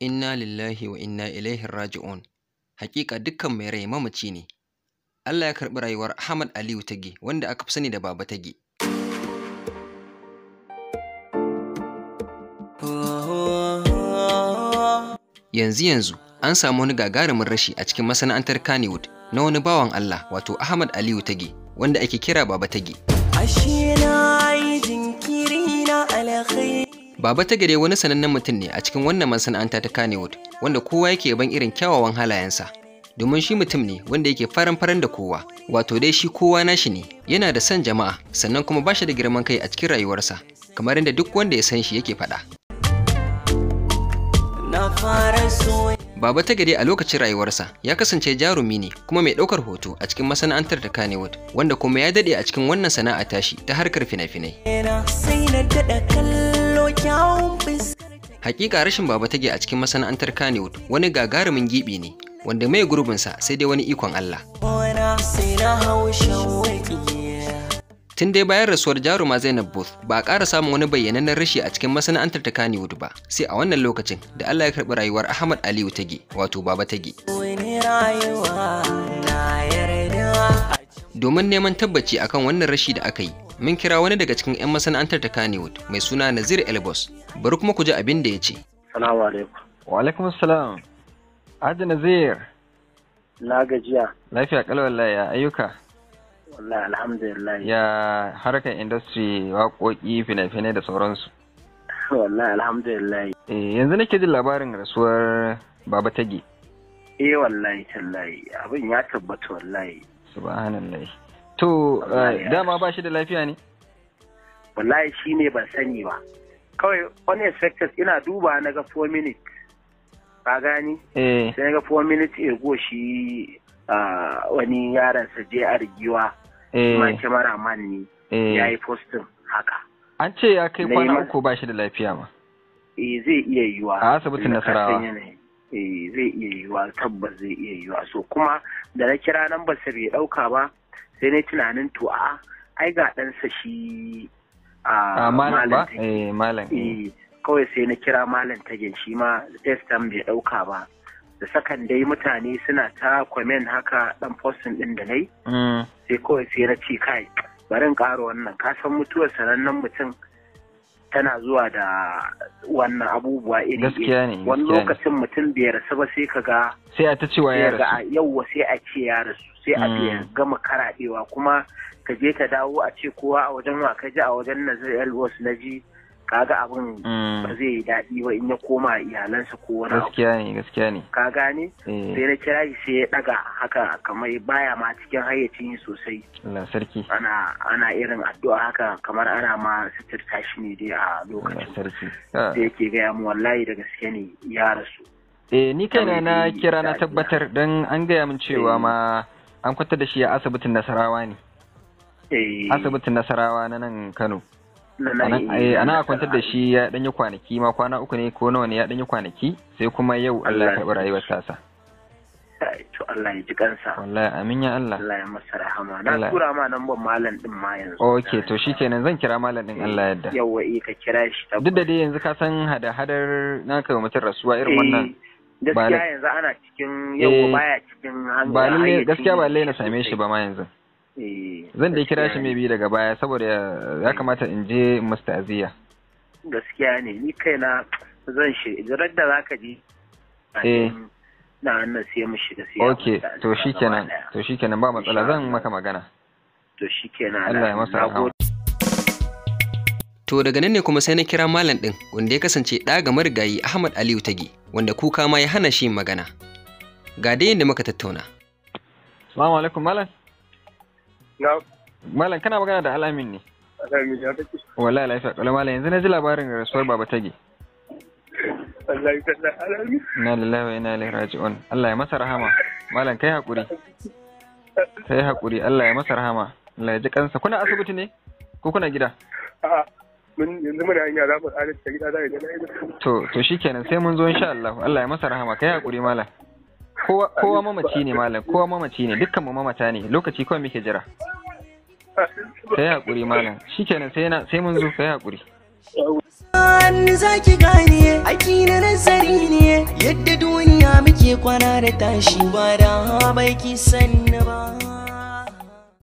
inna lillahi wa inna ilaihi raji'un hakika dukkan mai rai mamaci ne Allah ya karɓi rayuwar Ahmad Aliyu Tage wanda aka fi sani da Baba Tage yanzu yanzu an samu wani gagarumin rashi a cikin masana'antar Kannywood na wani bawan Allah wato Ahmad Aliyu Tage wanda ake kira Baba Tage Baba Tagare wani sanannen mutum ne a cikin wannan masana'anta ta Kannywood wanda kowa yake ban irin kyawawan halayensa. Domin shi mutum ne wanda yake faran faran da kowa, wato dai shi kowa nashi ne, yana da san jama'a sannan kuma ba shi da girman kai a cikin rayuwarsa, kamar yadda duk wanda ya san shi yake faɗa. Baba Tagare a lokacin rayuwarsa ya kasance jarumi ne kuma mai ɗaukar hoto a cikin masana'antar ta Kannywood wanda kuma ya daɗe a cikin wannan sana'a tashi ta harkar fina-finai. Hakika rashin baba tage a cikin masana'antar Kanewood wani gagarumin giɓi ne wanda mai sa sai dai wani ikon Allah. Tun dai bayan rasuwar jaruma Zainab Booth ba a ƙara samun wani bayyanannen rashi a cikin masana'antar ta Kanewood ba sai a wannan lokacin da Allah ya karɓi rayuwar Ahmad Aliyu Tage wato Baba Tage. Domin neman tabbaci akan wannan rashi da aka yi mun kira wani daga cikin 'yan masana'antar ta Kannywood mai suna Nazir Elbos. Bari kuma ku ji abin da ya ce. Salamu alaikum. Wa alaikum salam. Haji Nazir. Na gajiya. Lafiya kalwar laya ya ayyuka. Wallahi alhamdulillah. Ya harkar industry waƙoƙi fina-finai da sauransu. Wallahi alhamdulillah. Eh yanzu nake jin labarin rasuwar Baba Tage. Eh wallahi tallahi abin ya tabbata wallahi. Subhanallah. To eh, dama ba shi da lafiya ne? Wallahi shi ne ban sani ba. Kawai wani inspectors ina duba na ga 4 minutes. Ba gani? Eh. Sai na ga 4 minutes go shi wani yaran sa je argiwa. Eh. Ma kyamara man ne. Ya yi postin haka. An ce ya kai kwana uku ba shi da lafiya ma. Eh zai iya yiwa. A asibitin Nasarawa. zai iya wa, tabbas zai iya wa. so kuma da na kira nan ba bai dauka ba sai na tunanin tu'a, a ai ga ɗansa shi a ah, malam ba malam eh, eh. Eh, kawai sai na kira malam tagen shi ma test bai ɗauka ba da sakan dai mutane suna ta comment haka dan postin din da nai mm. sai kawai sai na ce kai bari in ƙara wannan ka san mutuwar sanannen mutum tana zuwa da wannan abubuwa iri gaskiya ne wani lokacin mutum bai rasu ba sai kaga sai a ta cewa ya rasu yawwa sai a ce ya rasu sai a biya mm. gama karaɗewa kuma ka je ka dawo a ce kowa a wajen wa ka ji a wajen na zai na ji kaga abin mm. ba zai yi daɗi ba in ya koma iyalansa ko wani gaskiya ne gaskiya ne ka gane eh. sai na kira shi sai ya daga haka kamar baya ma cikin hayyacin yi sosai Allah sarki ana ana irin addu'a haka kamar ana ma suturta shi ne dai a lokacin sarki da ah. yake gaya mu wallahi da gaske ne ya rasu eh ni kaina na kira na tabbatar dan an gaya min cewa eh. ma an kwatar da shi a asibitin Nasarawa ne eh. asibitin Nasarawa na nan Kano Eh ana kwantar da shi ya danyi kwanaki ma kwana uku ne ko nawa ne ya danyi kwanaki sai kuma yau Allah ya karɓi rayuwar tasa to Allah ya ji kansa wallahi amin ya Allah Allah ya masa rahama na tura ma nan ban malam din ma yanzu okay to shi kenan zan kira malam din Allah ya yarda. Yawwa eh ka kira shi duk da dai yanzu ka san hada hadar na naka mutum rasuwa irin wannan eh, gaskiya yanzu ana cikin yau eh, baya cikin hanga. ba lalle gaskiya ba lalle na same shi ba ma yanzu Eh, zan da kira shi mai biyu daga baya saboda ya kamata in je mustaziya gaskiya ne ni kaina zan shi jirar da zaka ji eh. Eh, na annan sai mu shiga sai ok to shikenan to shikenan ba matsala zan maka magana to shikenan Allah ya masa rahama To daga nan ne kuma sai na kira malam ɗin wanda ya kasance ɗa ga marigayi Ahmad Aliyu Tagi wanda kuka ma ya hana shi magana. Ga dai yadda muka tattauna. salamu alaikum malam. malam kana magana da alamin ne alamin ya kake wallahi lafiya kala malam yanzu na ji labarin rasuwar baba tage wallahi sallah alamin na lillahi wa ina ilaihi raji'un Allah ya masa rahama malam kai hakuri kai hakuri Allah ya masa rahama Allah ya ji kansa kuna asibiti ne ko kuna gida a'a mun yanzu muna hanya za mu tsare ta gida za mu to to shikenan sai mun zo insha Allah Allah ya masa rahama kai hakuri malam kowa mamaci ne malam kowa mamaci ne dukkan mu mamata ne lokaci kawai muke jira Ka yi haƙuri malam. Shi kenan sai mun zo kai hakuri haƙuri. Ni zaki gane aiki na nazari ne yadda duniya muke kwana da tashi ba da baiki sanna ba.